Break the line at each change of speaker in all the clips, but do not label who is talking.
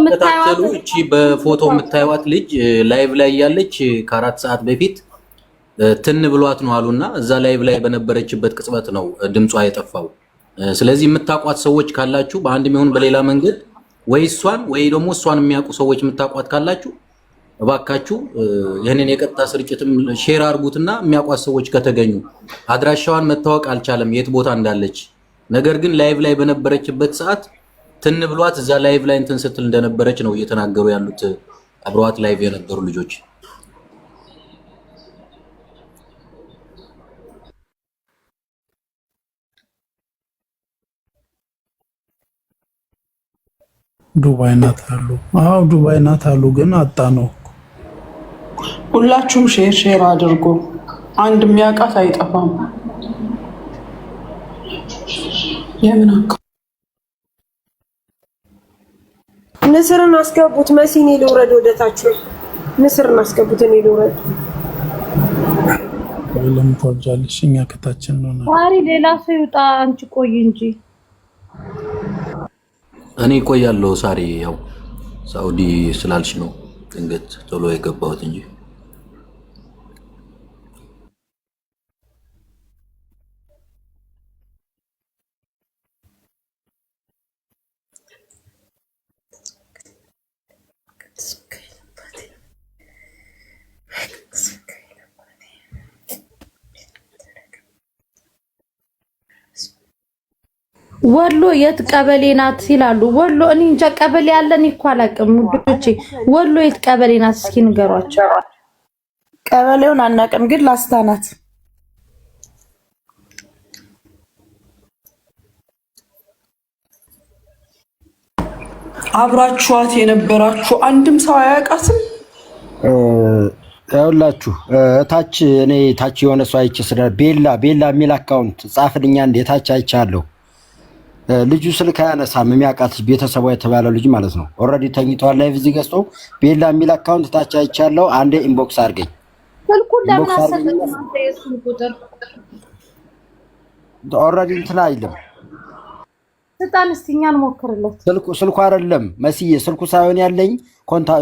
የምታዩዋት እቺ በፎቶ የምታዩት ልጅ ላይቭ ላይ ያለች ከአራት ሰዓት በፊት ትን ብሏት ነው አሉና እዛ ላይቭ ላይ በነበረችበት ቅጽበት ነው ድምጿ የጠፋው። ስለዚህ የምታውቋት ሰዎች ካላችሁ በአንድ የሚሆን በሌላ መንገድ ወይ እሷን ወይ ደግሞ እሷን የሚያውቁ ሰዎች የምታውቋት ካላችሁ እባካችሁ ይህንን የቀጥታ ስርጭትም ሼር አድርጉትና የሚያውቋት ሰዎች ከተገኙ አድራሻዋን መታወቅ አልቻለም የት ቦታ እንዳለች። ነገር ግን ላይቭ ላይ በነበረችበት ሰዓት ትን ብሏት እዛ ላይቭ ላይ እንትን ስትል እንደነበረች ነው እየተናገሩ ያሉት አብረዋት ላይቭ የነበሩ ልጆች። ዱባይ ናት አሉ። አዎ ዱባይ ናት አሉ፣ ግን አጣ ነው። ሁላችሁም ሼር ሼር አድርጎ አንድ የሚያውቃት አይጠፋም። የምን አካ ንስርን አስገቡት። መሲ እኔ ልውረድ ወደ ታች። ንስርን አስገቡት። እኔ ልውረድ። ለምን ትወርጃለሽ? እኛ ከታችን ነው። ዛሬ ሌላ ሰው ይውጣ፣ አንቺ ቆይ እንጂ እኔ ቆያለሁ። ሳሪ ያው ሳውዲ ስላልሽ ነው ድንገት ቶሎ የገባሁት እንጂ ወሎ የት ቀበሌ ናት ይላሉ። ወሎ እኔ እንጃ ቀበሌ ያለን እኮ አላውቅም። ውዶቼ ወሎ የት ቀበሌ ናት እስኪ ንገሯቸው። ቀበሌውን አናውቅም፣ ግን ላስታ ናት። አብራችኋት የነበራችሁ አንድም ሰው አያውቃትም። ሁላችሁ እታች እኔ ታች የሆነ ሰው አይቼ ስለ ቤላ ቤላ የሚል አካውንት ጻፍልኛ እንዴ ታች አይቻለሁ። ልጁ ስልክ አያነሳም። የሚያውቃት ቤተሰቧ የተባለ ልጅ ማለት ነው። ኦልሬዲ ተኝተዋል። ላይፍ እዚህ ገዝቶ ቤላ የሚል አካውንት ታች አይቻለው። አንዴ ኢንቦክስ አድርገኝ። ስልኩን ለምን አሰብኩት ቁጥር ኦልሬዲ እንትን አይልም። ስልጣን እስቲ እኛን ሞክርለት። ስልኩ ስልኩ አይደለም መስዬ፣ ስልኩ ሳይሆን ያለኝ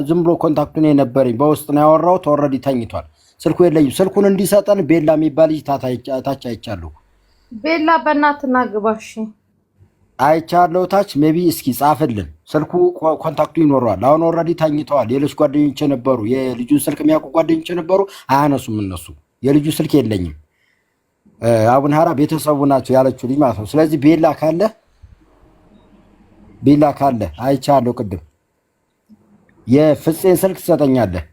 ዝም ብሎ ኮንታክቱ ነው የነበረኝ። በውስጥ ነው ያወራሁት። ኦልሬዲ ተኝቷል። ስልኩ የለኝም። ስልኩን እንዲሰጠን ቤላ የሚባል ልጅ ታች አይቻለሁ። ቤላ በእናትና ግባሽ አይቻለው ታች ሜቢ እስኪ ጻፍልን። ስልኩ ኮንታክቱ ይኖረዋል። አሁን ኦልሬዲ ታኝተዋል። የልጅ ጓደኞች የነበሩ የልጁን ስልክ የሚያውቁ ጓደኞች የነበሩ አያነሱም እነሱ። የልጁ ስልክ የለኝም። አቡነ ሀራ ቤተሰቡ ናቸው ያለችው ልጅ ማለት ነው። ስለዚህ ቤላ ካለ ቤላ ካለ አይቻለሁ። ቅድም የፍፄን ስልክ ትሰጠኛለህ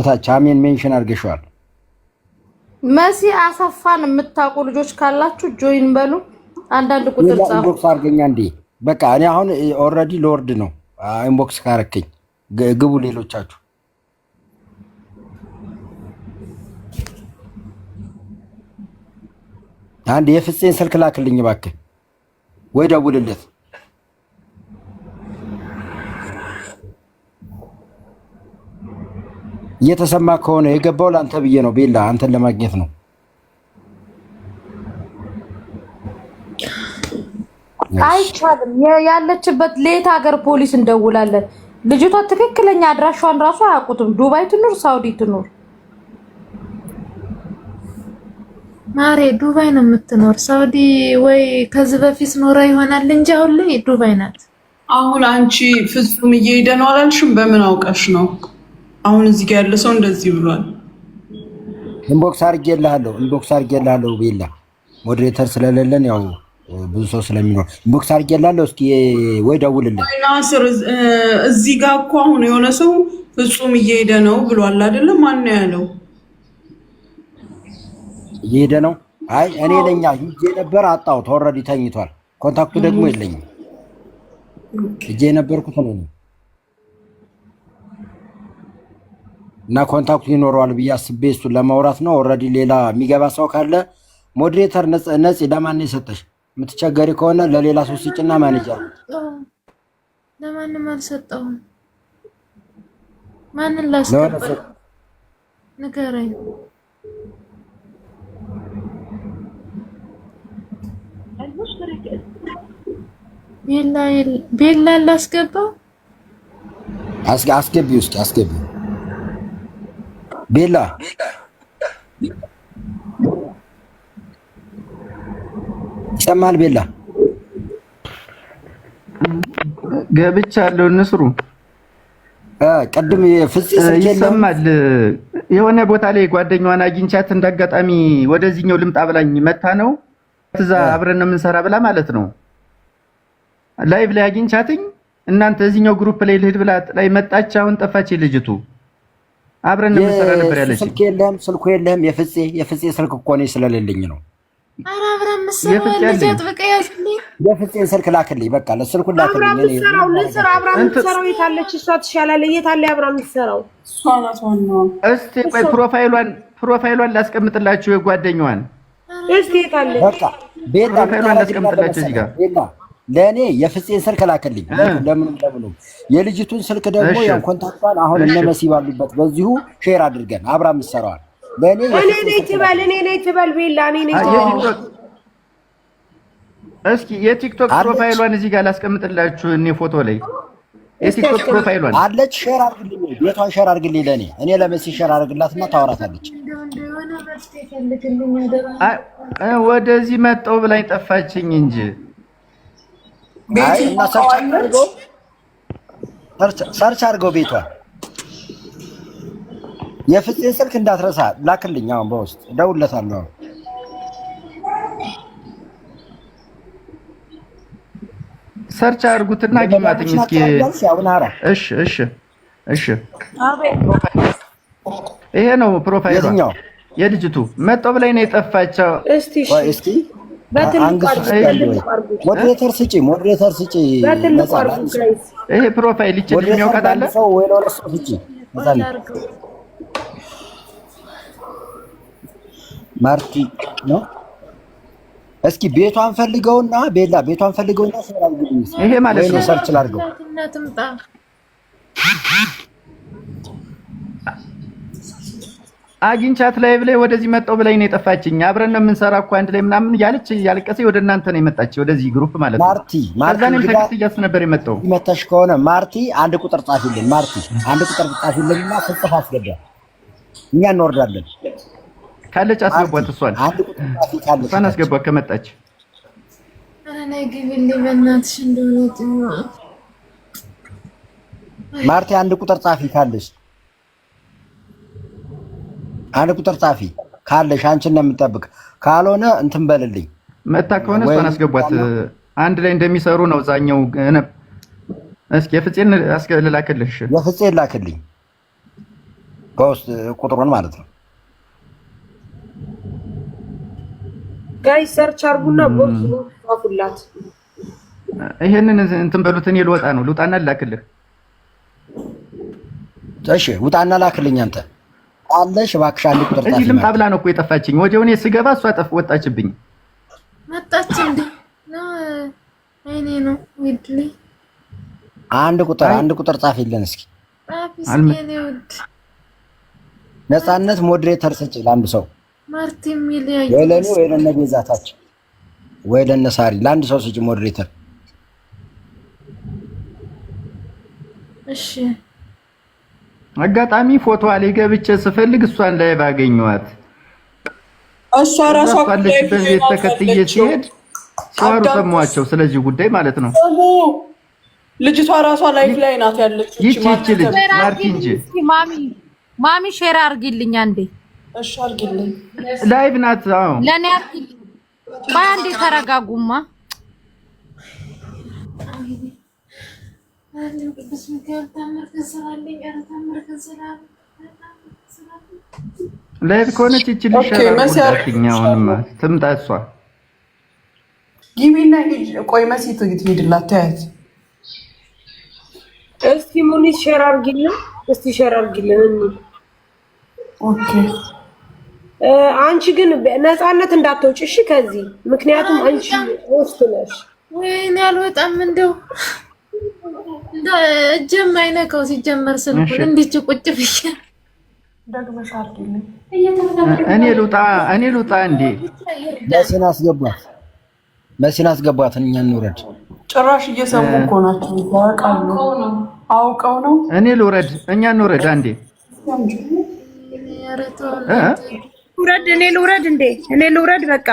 እታች አሜን ሜንሽን አድርገሸዋል። መሲ አሰፋን የምታውቁ ልጆች ካላችሁ ጆይን በሉ። አንዳንድ ቁጥር ኢንቦክስ አድርገኛ እንዴ! በቃ እኔ አሁን ኦልሬዲ ሎርድ ነው። ኢንቦክስ ካረከኝ ግቡ ሌሎቻችሁ። አንድ የፍፄን ስልክ ላክልኝ እባክህ ወይ ደውልለት። እየተሰማ ከሆነ የገባው ለአንተ ብዬ ነው። ቤላ አንተን ለማግኘት ነው። አይቻልም። ያለችበት ሌት ሀገር ፖሊስ እንደውላለን። ልጅቷ ትክክለኛ አድራሿን ራሱ አያውቁትም። ዱባይ ትኑር፣ ሳውዲ ትኑር፣ ማሬ ዱባይ ነው የምትኖር። ሳውዲ ወይ ከዚህ በፊት ኖራ ይሆናል እንጂ አሁን ላይ ዱባይ ናት። አሁን አንቺ ፍጹም እየሄደ ነው አላልሽም? በምን አውቀሽ ነው? አሁን እዚህ ጋር ያለ ሰው እንደዚህ ብሏል። ኢንቦክስ አድርጌልሃለሁ፣ ኢንቦክስ አድርጌልሃለሁ። ቤላ ሞዴሬተር ስለሌለን ያው ብዙ ሰው ስለሚኖር ኢንቦክስ አድርጌልሃለሁ። እስኪ ወይ ደውልልን። ናስር እዚህ ጋር እኮ አሁን የሆነ ሰው ፍጹም እየሄደ ነው ብሏል አይደለም? ማን ነው ያለው? እየሄደ ነው። አይ እኔ ለኛ ሂጄ ነበር አጣሁት። ኦልሬዲ ተኝቷል። ኮንታክቱ ደግሞ የለኝም። ሂጄ የነበርኩት ነው እና ኮንታክቱ ይኖረዋል ብዬ አስቤ እሱን ለማውራት ነው። ኦልሬዲ ሌላ የሚገባ ሰው ካለ ሞዴሬተር ነጽ ለማን የሰጠሽ? የምትቸገሪ ከሆነ ለሌላ ሰው ስጭና ማኔጀር ለማንም አልሰጠውም። ማንን ላስቀበል ንገረኝ። ቤላ ላስገባው? አስገቢ ውስጥ አስገቢው ቤላ ይሰማል? ቤላ ገብቻለሁ። ንስሩ ቅድም ይሰማል። የሆነ ቦታ ላይ ጓደኛዋን አግኝቻት እንዳጋጣሚ ወደዚህኛው ልምጣ ብላኝ መታ ነው እዛ አብረን ነው የምንሰራ ብላ ማለት ነው። ላይቭ ላይ አግኝቻትኝ እናንተ እዚህኛው ግሩፕ ላይ ልሂድ ብላ ላይ መጣች። አሁን ጠፋች ልጅቱ አብረን እንሰራ ነበር ያለች። ስልክ የለም ስልኩ የለም። የፍፄ የፍፄ ስልክ እኮ እኔ ስለሌለኝ ነው። ኧረ አጥብቀ የፍፄን ስልክ ላክልኝ። በቃ ለስልኩን ላክልኝ። አብረን እንሰራው አብረን እሷ? እስቲ ቆይ ፕሮፋይሏን ፕሮፋይሏን ላስቀምጥላችሁ የጓደኛዋን። እስቲ የት በቃ ፕሮፋይሏን ላስቀምጥላችሁ እዚህ ጋር ለእኔ የፍፄን ስልክ ላክልኝ። ለምን ለምኑ የልጅቱን ስልክ ደግሞ ያን ኮንታክቷን አሁን እነ መሲ ባሉበት በዚሁ ሼር አድርገን አብራ ምሰረዋል። ለእኔ እኔ ትበል እኔ ነኝ ትበል ቤላ እኔ ነኝ ትበል። እስኪ የቲክቶክ ፕሮፋይሏን እዚህ ጋር ላስቀምጥላችሁ እኔ ፎቶ ላይ የቲክቶክ ፕሮፋይሏን አለች። ሼር አድርግልኝ፣ ቤቷን ሼር አድርግልኝ ለእኔ እኔ ለመሲ ሼር አድርግላትና ታወራታለች። ወደዚህ መጣሁ ብላኝ ጠፋችኝ እንጂ ሰርች አድርገው ቤቷ የፍፄን ስልክ እንዳትረሳ ላክልኝ። አሁን በውስጥ እደውልለታለሁ። ሰርች አድርጉትና ጊማትኝ እስኪ። እሺ እሺ እሺ። ይሄ ነው ፕሮፋይሏ የልጅቱ ነው የጠፋቸው። እስቲ እስቲ ሞዴሬተር ስጪ፣ ሞዴሬተር ስጪ። ይሄ ፕሮፋይል ይቺ የሚያውቃታለ ሰው ወይ ለሁለት ሰው ስጪ። ማርቲ ነው። እስኪ ቤቷን ፈልገውና ቤላ ቤቷን ፈልገውና ይሄ ማለት ነው ሰርች ላድርገው አግኝቻት ላይ ብለ ወደዚህ መጣው ብላይ ነው የጠፋችኝ። አብረን ነው የምንሰራ እኮ አንድ ላይ ምናምን እያለች እያለቀሰ ወደ እናንተ ነው የመጣች ወደዚህ ግሩፕ ማለት ነው። ማርቲ ማርቲ ቴክስት እያስ ነበር የመጣው መተሽ ከሆነ ማርቲ አንድ ቁጥር ጻፊልን፣ ማርቲ አንድ ቁጥር ጻፊልን እና ስጽፍ አስገባ፣ እኛ እንወርዳለን ካለች አስገቧት። እሷን እሷን አስገቧት ከመጣች እኔ ግቢልኝ በእናትሽ እንደሆነ ማርቲ አንድ ቁጥር ጻፊ ካለች አንድ ቁጥር ጻፊ ካለሽ አንቺን ነው የምጠብቅ። ካልሆነ እንትን በልልኝ። መታ ከሆነ እሷን አስገቧት። አንድ ላይ እንደሚሰሩ ነው እዛኛው። እስኪ የፍፄን ልላክልሽ፣ የፍፄን ላክልኝ በውስጥ ቁጥሩን ማለት ነው። ጋይ ሰርች አርጉና ቦርሱላት። ይሄንን እንትን በሉት። እኔ ልወጣ ነው። ልውጣና ላክልህ። እሺ ውጣና ላክልኝ አንተ አለሽ እባክሽ አንድ ቁጥር ጻፊ። ልምጣ ብላ ነው እኮ የጠፋችኝ። ወዲያው እኔ ስገባ እሷ ጠፍ ወጣችብኝ። መጣች እንዴ? አይኔ ነው ውድሌ። አንድ ቁጥር አንድ ቁጥር ጻፊልን እስኪ። ነፃነት ሞዴሬተር ስጪ ለአንድ ሰው ማርቲን ሚሊያ ወይ ለኔ ወይ ለነ ቤዛታች ወይ ለነ ሳሪ ለአንድ ሰው ስጪ ሞዴሬተር። እሺ አጋጣሚ ፎቶ ላይ ገብቼ ስፈልግ እሷን ላይ ባገኘዋት እሷ ራሷ ባለችበት ተከትዬ ሲሄድ ሰማኋቸው። ስለዚህ ጉዳይ ማለት ነው። ልጅቷ ራሷ ላይፍ ላይ ናት ያለችው። ይቺ ይቺ ልጅ ማርቲ እንጂ ማሚ ማሚ ሼር አርግልኝ አንዴ። እሺ አርግልኝ። ላይቭ ናት። አዎ ለኔ አርግልኝ። ባንዴ ተረጋጉማ አንድ ቅዱስ ሚካኤል ታምር ትንሰራለኝ። ኧረ ታምር ትንሰራለኝ። ለእህት ከሆነች ይችል ትምጣ እሷ ግቢና ቆይ መሲ ትሄድላት ተያት። እስቲ ሙኒት ሸር አድርጊልን፣ እስቲ ሸር አድርጊልን። ኦኬ አንቺ ግን ነፃነት እንዳትወጪ እሺ፣ ከዚህ ምክንያቱም አንቺ ውስጥ ነሽ። ወይኔ አልወጣም እንደው እጀም አይነካው ሲጀመር ስልኩን እንዲች ቁጭ ብዬ እኔ ልውጣ እኔ ልውጣ። እንዴ መሲን መሲን እኛ እንውረድ። ጭራሽ እየሰሙ እኮ ናቸው። አውቀው ነው። እኔ ልውረድ፣ እኛ እንውረድ። አንዴ ውረድ፣ እኔ ልውረድ። እንዴ እኔ ልውረድ፣ በቃ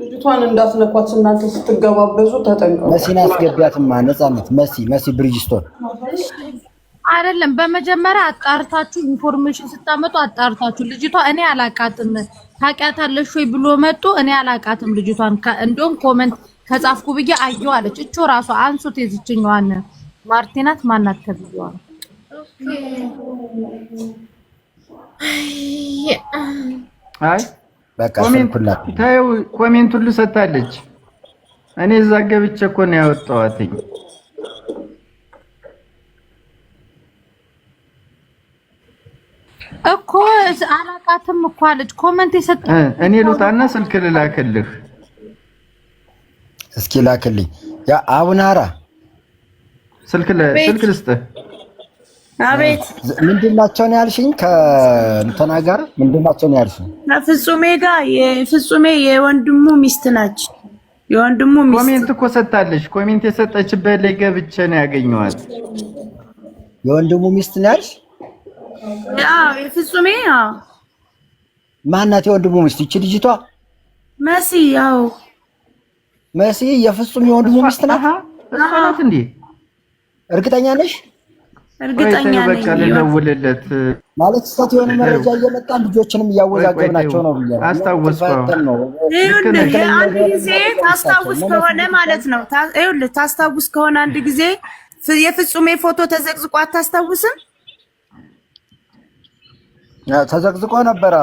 ልጅቷን እንዳትነኳት እናንተ ስትገባበዙ ተጠንቀቁ። መሲን አስገቢያትማ ነፃነት መሲ መሲ ብሪጅስቶን አይደለም። በመጀመሪያ አጣርታችሁ ኢንፎርሜሽን ስታመጡ አጣርታችሁ ልጅቷ እኔ አላቃትም ታውቂያታለሽ ወይ ብሎ መጡ። እኔ አላቃትም ልጅቷን እንደውም ኮመንት ከጻፍኩ ብዬ አየሁ አለች። እቾ ራሷ አንሱት የዝችኛዋን ማርቲናት ማናት ተብዬዋል። አይ ኮሜንት ሁሉ ሰታለች እኔ እዛ ገብቼ እኮ ነው ያወጣኋትኝ። እኮ አላቃትም እኮ አለች። ኮመንት የሰጠ እኔ ልውጣና ስልክ ልላክልህ። እስኪ ላክልኝ። ያ አቡናራ ስልክ ስልክ ልስጥህ አቤት ምንድናቸው ነው ያልሽኝ? ከእንትና ጋር ምንድናቸው ነው ያልሽኝ? ፍጹሜ ጋር ፍጹሜ የወንድሙ ሚስት ናች። የወንድሙ ሚስት ኮሜንት እኮ ሰጣለች። ኮሜንት የሰጠችበት ላይ ገብቼ ነው ያገኘኋት። የወንድሙ ሚስት ነው ያልሽ? አዎ የፍጹሜ። አዎ ማናት የወንድሙ ሚስት? ይቺ ልጅቷ መሲ። አዎ መሲ የፍጹም የወንድሙ ሚስት ናት። እሷ ናት እንዴ? እርግጠኛ ነሽ? እርግጠኛ ነኝ ማለት ስታት የሆነ መረጃ እየመጣ ልጆችንም እያወዛገብናቸው ነው ብያ ይኸውልህ ጊዜ ታስታውስ ከሆነ ማለት ነው። ይኸውልህ ታስታውስ ከሆነ አንድ ጊዜ የፍጹሜ ፎቶ ተዘቅዝቆ አታስታውስም? ተዘቅዝቆ ነበረ።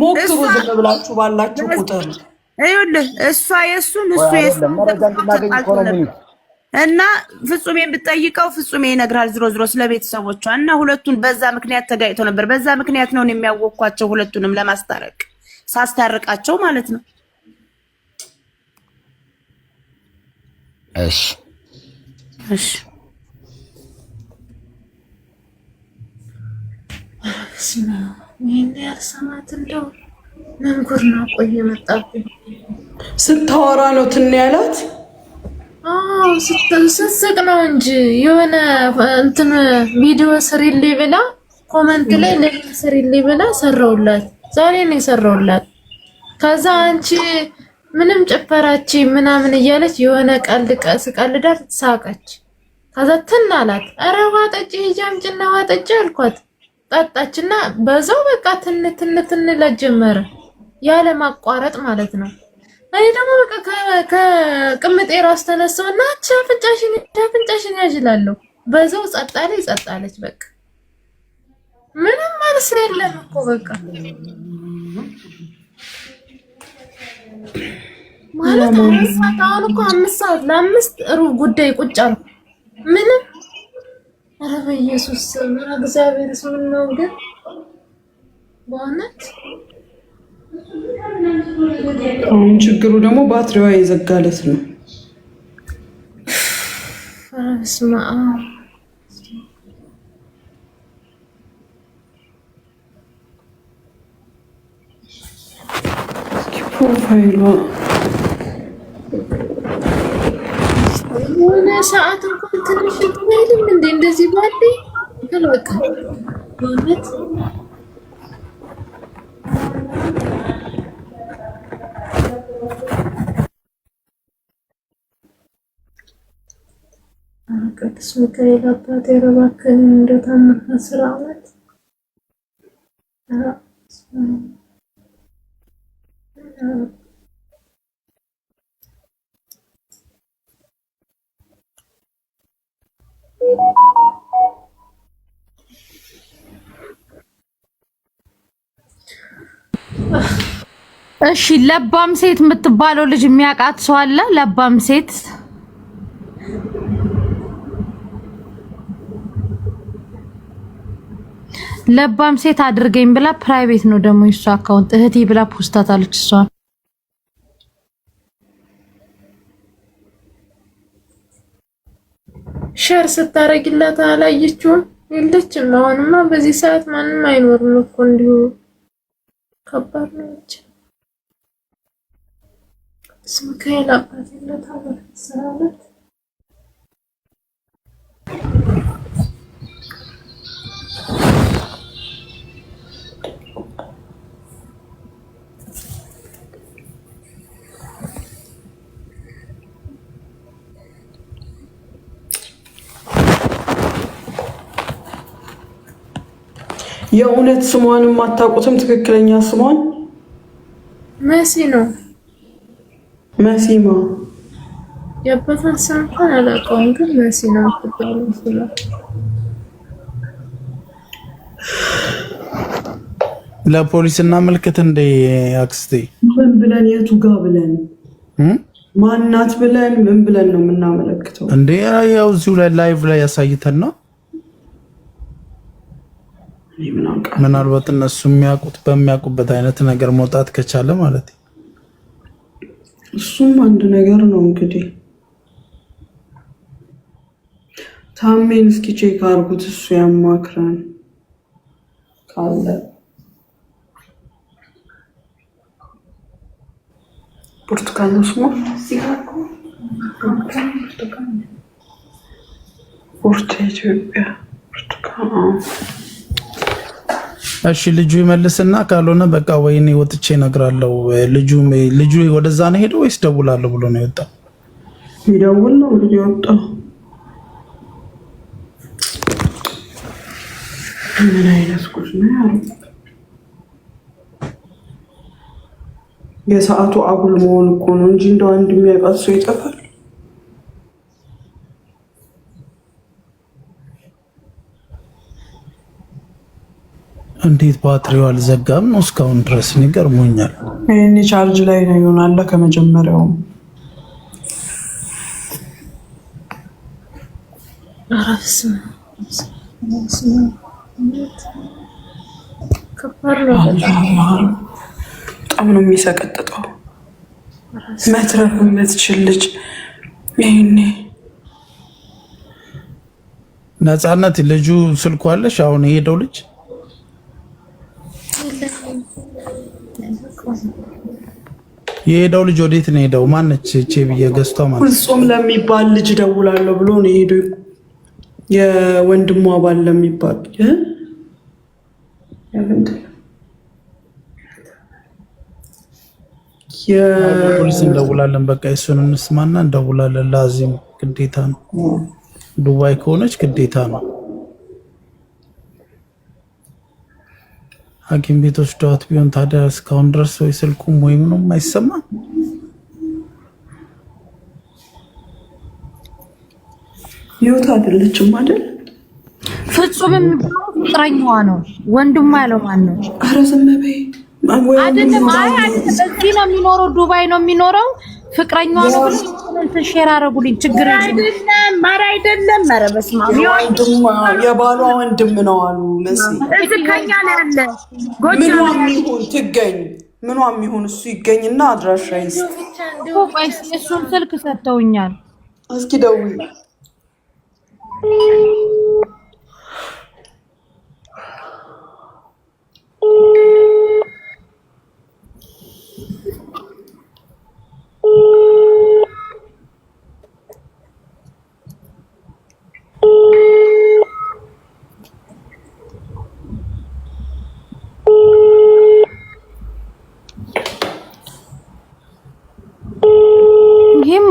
ሞክሩ፣ ዝም ብላችሁ ባላችሁ ቁጥር ይኸውልህ እሷ የእሱን እሱ የእሱን እና ፍጹሜን ፍጹሜ ይነግራል። ዝሮ ዝሮ ስለ ቤተሰቦቿ እና ሁለቱን በዛ ምክንያት ተጋጭተው ነበር። በዛ ምክንያት ነው የሚያወኳቸው ሁለቱንም ለማስታረቅ ሳስታርቃቸው ማለት ነው። እሺ እሺ ስማ እንደው መንጉር ነው ቆየ መጣብኝ። ስታወራ ነው ትን ያላት ስትስቅ ነው እንጂ የሆነ እንትን ቪዲዮ ስሪልኝ ብላ ኮመንት ላይ ለምን ስሪልኝ ብላ ሰራውላት። ዛሬ ነው የሰራውላት። ከዛ አንቺ ምንም ጭፈራች ምናምን እያለች የሆነ ቀልድ ስቀልዳት ሳቀች። ከዛ ትን አላት። ኧረ ዋጠጭ ሂጂ አምጪና ዋጠጭ አልኳት። ጠጣችና በዛው በቃ ትንትን ጀመረ ያለ ማቋረጥ ማለት ነው። እኔ ደግሞ በቃ ከቅምጤ ራስ ተነሳውና አፍንጫሽን አፍንጫሽን ያጅላለሁ በዛው ጸጣለ ይጸጣለች በቃ ምንም መልስ የለም እኮ በቃ ማለት አሁን እኮ አምስት ሰዓት ለአምስት ሩብ ጉዳይ ቁጭ አልኩ ምንም ኧረ በኢየሱስ ስም እግዚአብሔር ስም ነው ግን በእውነት አሁን ችግሩ ደግሞ ባትሪዋ የዘጋለት ነው። ስማ ፕሮፋይሏ የሆነ ሰዓት እንኳን ትንሽ ይልም እንደ እንደዚህ ባለ በቃ በእውነት ቅዱስ ሚካኤል አባት የረባክን እንደታም አስር አመት እሺ ለባም ሴት የምትባለው ልጅ የሚያውቃት ሰው አለ? ለባም ሴት ለባም ሴት አድርገኝ ብላ ፕራይቬት ነው ደግሞ የሷ አካውንት እህቴ ብላ ፖስታታለች እሷን ሸር ስታረግላት አላየችውም? የለችም። አሁንማ በዚህ ሰዓት ማንም አይኖርም እኮ እንዲሁ ከባድ ነው። ብቻ ስምከይል አባትነት አበረት የእውነት ስሟንም የማታውቁትም ትክክለኛ ስሟን መሲ ነው። መሲ ነው የአባቷን ስም እንኳን አላውቀውም፣ ግን መሲ ነው ትባሉ ስላል ለፖሊስ እናመልክት እንደ አክስቴ ምን ብለን የቱ ጋ ብለን ማናት ብለን ምን ብለን ነው የምናመለክተው? እንደ ያው እዚሁ ላይ ላይቭ ላይ ያሳይተን ነው ምናልባት እነሱ የሚያውቁት በሚያውቁበት አይነት ነገር መውጣት ከቻለ ማለት እሱም አንድ ነገር ነው። እንግዲህ ታሜን እስኪ ቼክ አድርጉት። እሱ ያማክረን ካለ ብርቱካን ስሞ ኢትዮጵያ ብርቱካን እሺ ልጁ ይመልስና ካልሆነ በቃ ወይኔ ወጥቼ እነግራለሁ። ልጁ ልጁ ወደዛ ነው ሄደው ወይስ ደውላለሁ ብሎ ነው የወጣው? ይደውል ነው ልጁ የወጣው። ምን አይነት ጉድ ነው ያለው። የሰዓቱ አጉል መሆን እኮ ነው እንጂ እንደው አንድ የሚያውቃት ሰው ይጠፋል። እንዴት ባትሪው አልዘጋም ነው እስካሁን ድረስ ይገርሞኛል። ይህኔ ቻርጅ ላይ ነው ይሆናለ ከመጀመሪያውም በጣም ነው የሚሰቀጥጠው። መትረፍ የምትችል ልጅ ይህኔ ነፃነት ልጁ ስልኳለሽ አሁን የሄደው ልጅ የሄደው ልጅ ወዴት ነው ሄደው? ማነች እቼ ብዬ ገዝቷ ማለት ፍጹም ለሚባል ልጅ ደውላለሁ ብሎ ነው ሄዶ የወንድሙ አባል ለሚባል ፖሊስ እንደውላለን። በቃ የሱን እንስማና እንደውላለን። ላዚም ግዴታ ነው። ዱባይ ከሆነች ግዴታ ነው። ሐኪም ቤቶች ደዋት ቢሆን ታዲያ እስካሁን ድረስ ወይ ስልኩም ወይም ነው አይሰማ። ህይወት አይደለችም አይደል? ፍጹም የሚባለው ፍቅረኛዋ ነው። ወንድሟ ያለው ማን ነው? ኧረ ዝም በይ አይደለም። አይ በዚህ ነው የሚኖረው፣ ዱባይ ነው የሚኖረው። ፍቅረኛዋ ነው እንትን ሼር አረጉልኝ። ችግር አይደለም ማር አይደለም። ኧረ በስመ አብ የባሏ ወንድም ነው አሉ መስ እዚህ ከኛ ነው ያለ። ነው የሚሆን ትገኝ ምኗም ይሁን እሱ ይገኝና አድራሻ ይስጥ። እሱን ስልክ ሰጥተውኛል። እስኪ ደውዪ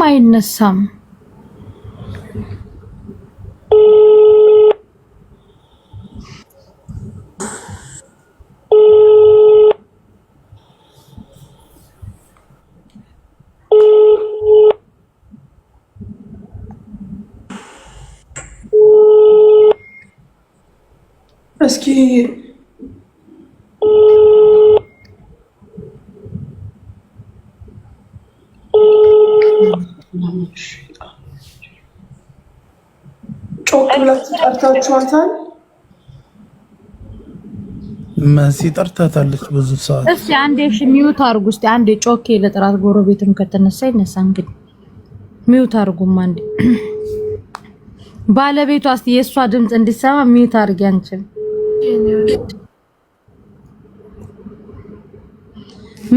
find some. Let's ጠርታችኋታል? መሲ ጠርታታለች ብዙ ሰዓት። እስቲ አንዴ እሺ ሚውት አርጉ። እስቲ አንዴ ጮኬ ለጥራት ጎረቤትም ከተነሳ ይነሳ። እንግዲህ ሚውት አርጉም አንዴ ባለቤቷ እስቲ የእሷ ድምፅ እንዲሰማ ሚውት አርጊ። አንቺም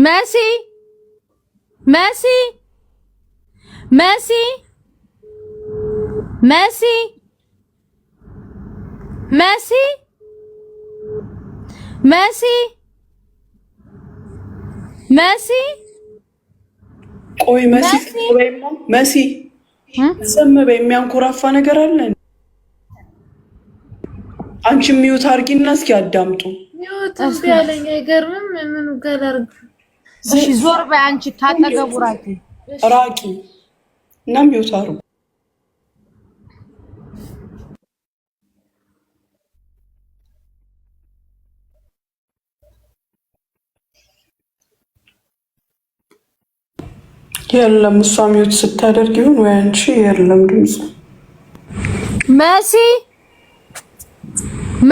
መሲ መሲ መሲ መሲ መሲ መሲ መሲ ቆይ መሲ መሲ ዝም በይ። የሚያንኮራፋ ነገር አለ። አንቺ ሚዩት አርጊና እስኪ አዳምጡ። ሚዩት እምቢ አለኝ። አይገርምም። ምን ገላርግ እሺ፣ ዞር በይ አንቺ ታጠገቡ ራቂ ራቂ እና ሚዩት አርጉ። የለም እሷ ሚውት ስታደርግ ይሁን ወይ አንቺ የለም ድምፅ መሲ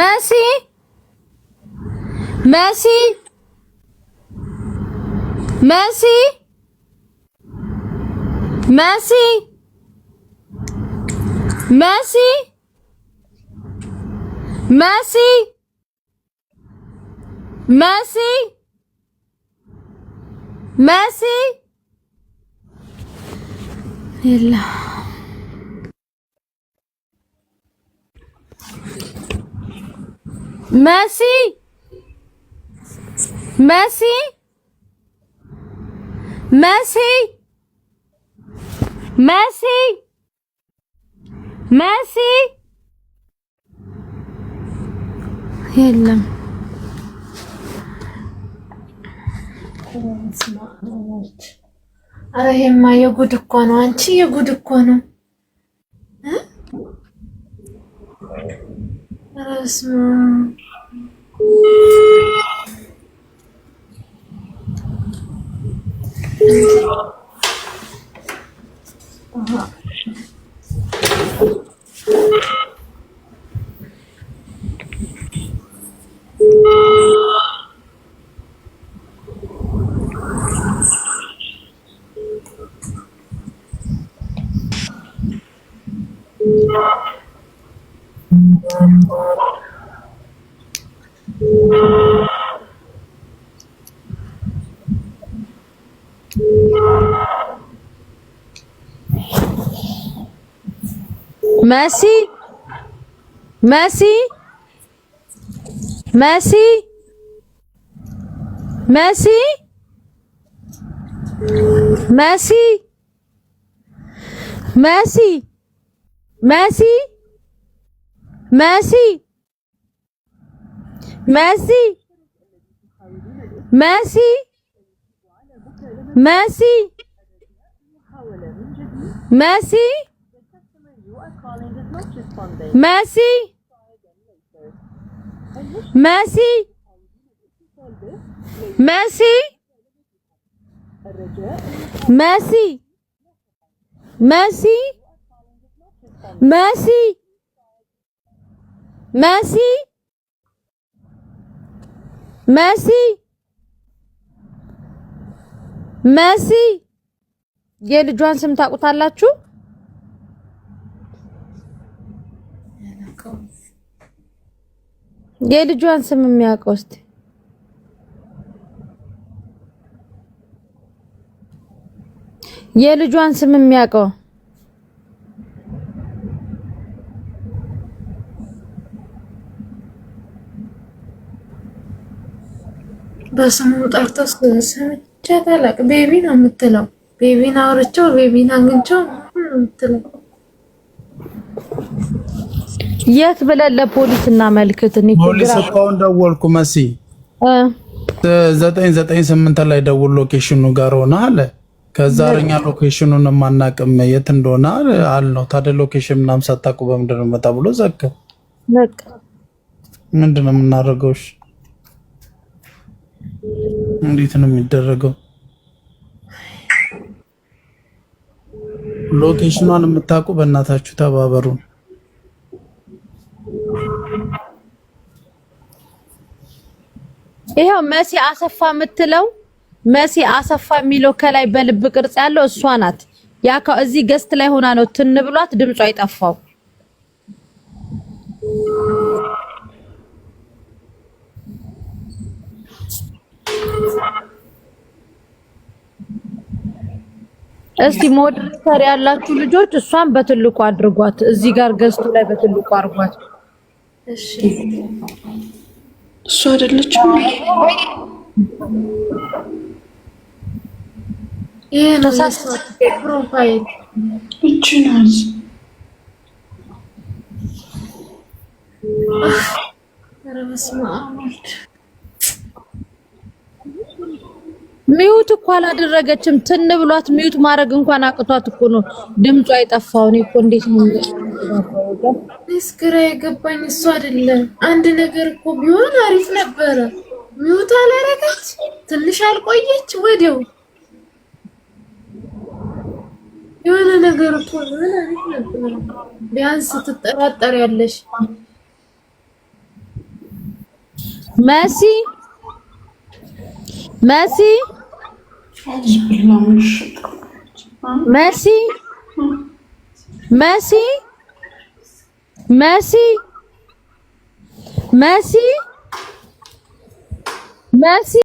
መሲ መሲ መሲ መሲ መሲ መሲ መሲ መሲ يلا ماسي ماسي ماسي ماسي ماسي يلا አረ ይሄማ የጉድ እኮ ነው። አንቺ የጉድ እኮ ነው። አረ መሲ መሲ መሲ መሲ መሲ መሲ መሲ መሲ መሲ መሲ መሲ መሲ መሲ መሲ መሲ መሲ መሲ መሲ መሲ መሲ መሲ የልጇን ስም ታውቁታላችሁ? የልጇን ስም የሚያውቀው እስቲ የልጇን ስም የሚያውቀው በስሙ ጠርቶ ስምቻ ታላቅ ቤቢ ነው የምትለው። ቤቢን አውርቼው ቤቢን አግኝቼው ነው የምትለው የት ብለን ለፖሊስ እናመልክት? ፖሊስ እኮን ደወልኩ መሲ ዘጠኝ ዘጠኝ ስምንት ላይ ደውል ሎኬሽኑ ጋር ሆነ አለ። ከዛ እኛ ሎኬሽኑን የማናቅም የት እንደሆነ ነው። ታዲያ ሎኬሽን ምናምን ሳታውቁ በምንድን ነው መጣ ብሎ ዘጋ። ምንድን ነው የምናደርገው? እንዴት ነው የሚደረገው? ሎኬሽኗን የምታውቁ በእናታችሁ ተባበሩን። ይሄው መሲ አሰፋ የምትለው መሲ አሰፋ የሚለው ከላይ በልብ ቅርጽ ያለው እሷ ናት። ያካ እዚህ ገስት ላይ ሆና ነው ትን ብሏት ድምጿ አይጠፋው። እስቲ ሞዴሬተር ያላችሁ ልጆች እሷን በትልቁ አድርጓት። እዚህ ጋር ገዝቱ ላይ በትልቁ አድርጓት። እሺ እሱ አይደለችም። ሚዩት እኮ አላደረገችም። ትን ብሏት ሚዩት ማድረግ እንኳን አቅቷት እኮ ነው ድምጿ የጠፋውን እኮ እንዴት ነው ስክራ የገባኝ እሱ አይደለም። አንድ ነገር እኮ ቢሆን አሪፍ ነበረ። ሚውት አላረገች፣ ትንሽ አልቆየች፣ ወዲያው የሆነ ነገር እኮ ቢሆን አሪፍ ነበረ። ቢያንስ ትጠራጠር ያለሽ መሲ መሲ መሲ መሲ Messi? Messi? Messi?